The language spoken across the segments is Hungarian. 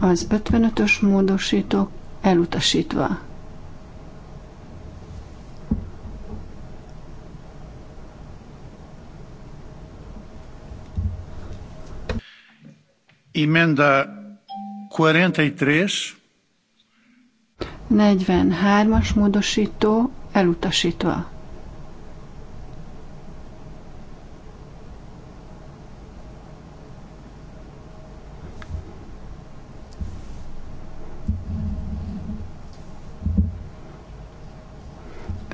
az 55-ös módosító elutasítva. Emenda 43. 43-as e módosító elutasítva.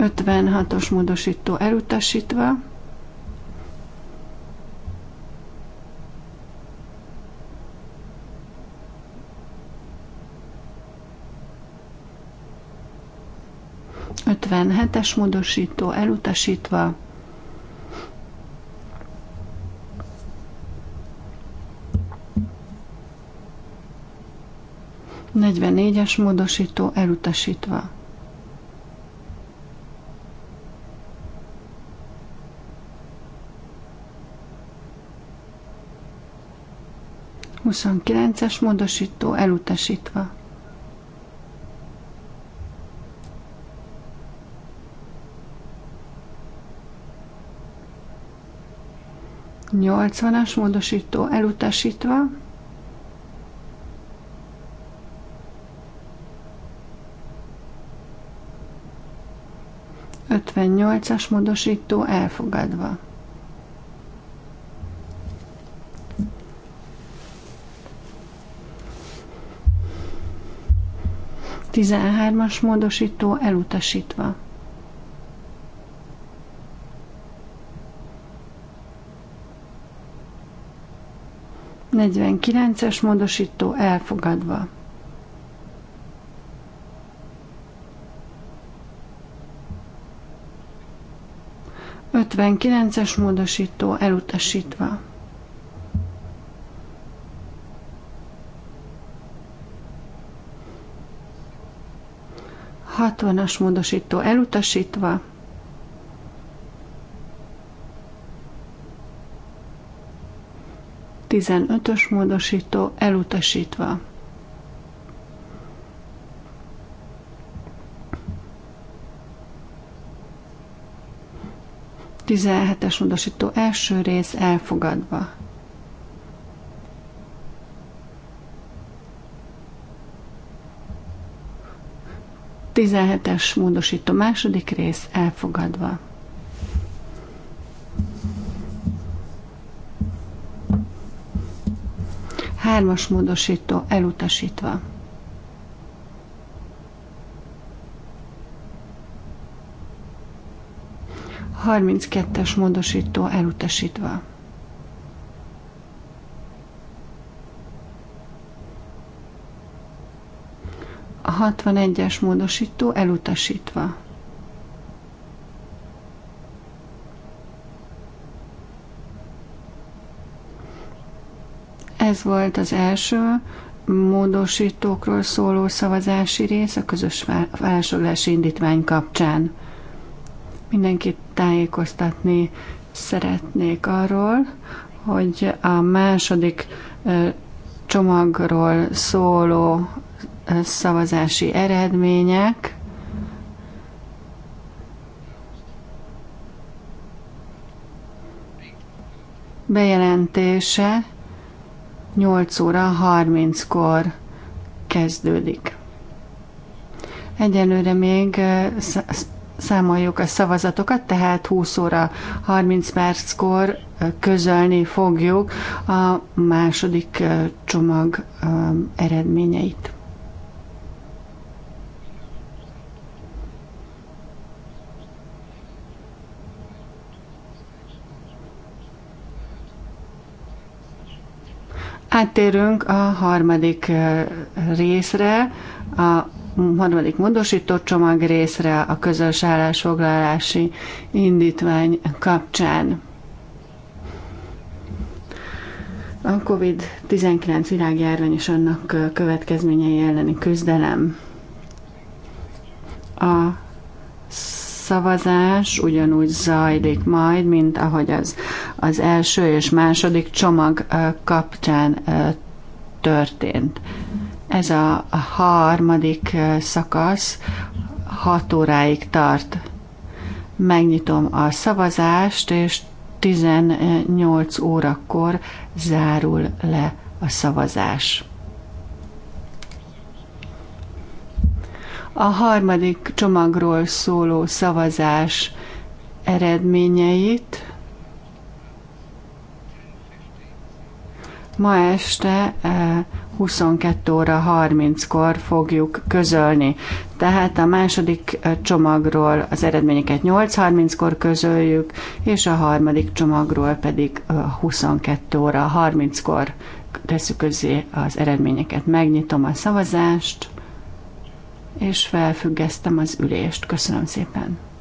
56-os módosító elutasítva, Ötven hetes módosító elutasítva, negyvennégyes módosító elutasítva. 29-es módosító elutasítva. Nyolcvanas módosító elutasítva. Ötvennyolcas módosító elfogadva. 13-as módosító elutasítva. Negyvenkilences módosító elfogadva. Ötvenkilences módosító elutasítva. 60-as módosító elutasítva, tizenötös módosító elutasítva. Tizenhetes módosító első rész elfogadva. 17-es módosító második rész elfogadva. Hármas módosító elutasítva. Harminckettes módosító elutasítva. 61-es módosító elutasítva. Ez volt az első módosítókról szóló szavazási rész a közös felsőglási indítvány kapcsán. Mindenkit tájékoztatni szeretnék arról, hogy a második csomagról szóló szavazási eredmények. Bejelentése 8 óra 30-kor kezdődik. Egyelőre még számoljuk a szavazatokat, tehát 20 óra 30 perckor közölni fogjuk a második csomag eredményeit. Áttérünk a harmadik részre, a harmadik módosított csomag részre a közös állásfoglalási indítvány kapcsán. A COVID-19 világjárvány és annak következményei elleni küzdelem. A szavazás ugyanúgy zajlik majd, mint ahogy az, az első és második csomag kapcsán történt. Ez a harmadik szakasz hat óráig tart. Megnyitom a szavazást, és 18 órakor zárul le a szavazás. A harmadik csomagról szóló szavazás eredményeit ma este 22 óra 30-kor fogjuk közölni. Tehát a második csomagról az eredményeket 8.30-kor közöljük, és a harmadik csomagról pedig 22 óra 30-kor tesszük közé az eredményeket. Megnyitom a szavazást, és felfüggesztem az ülést. Köszönöm szépen!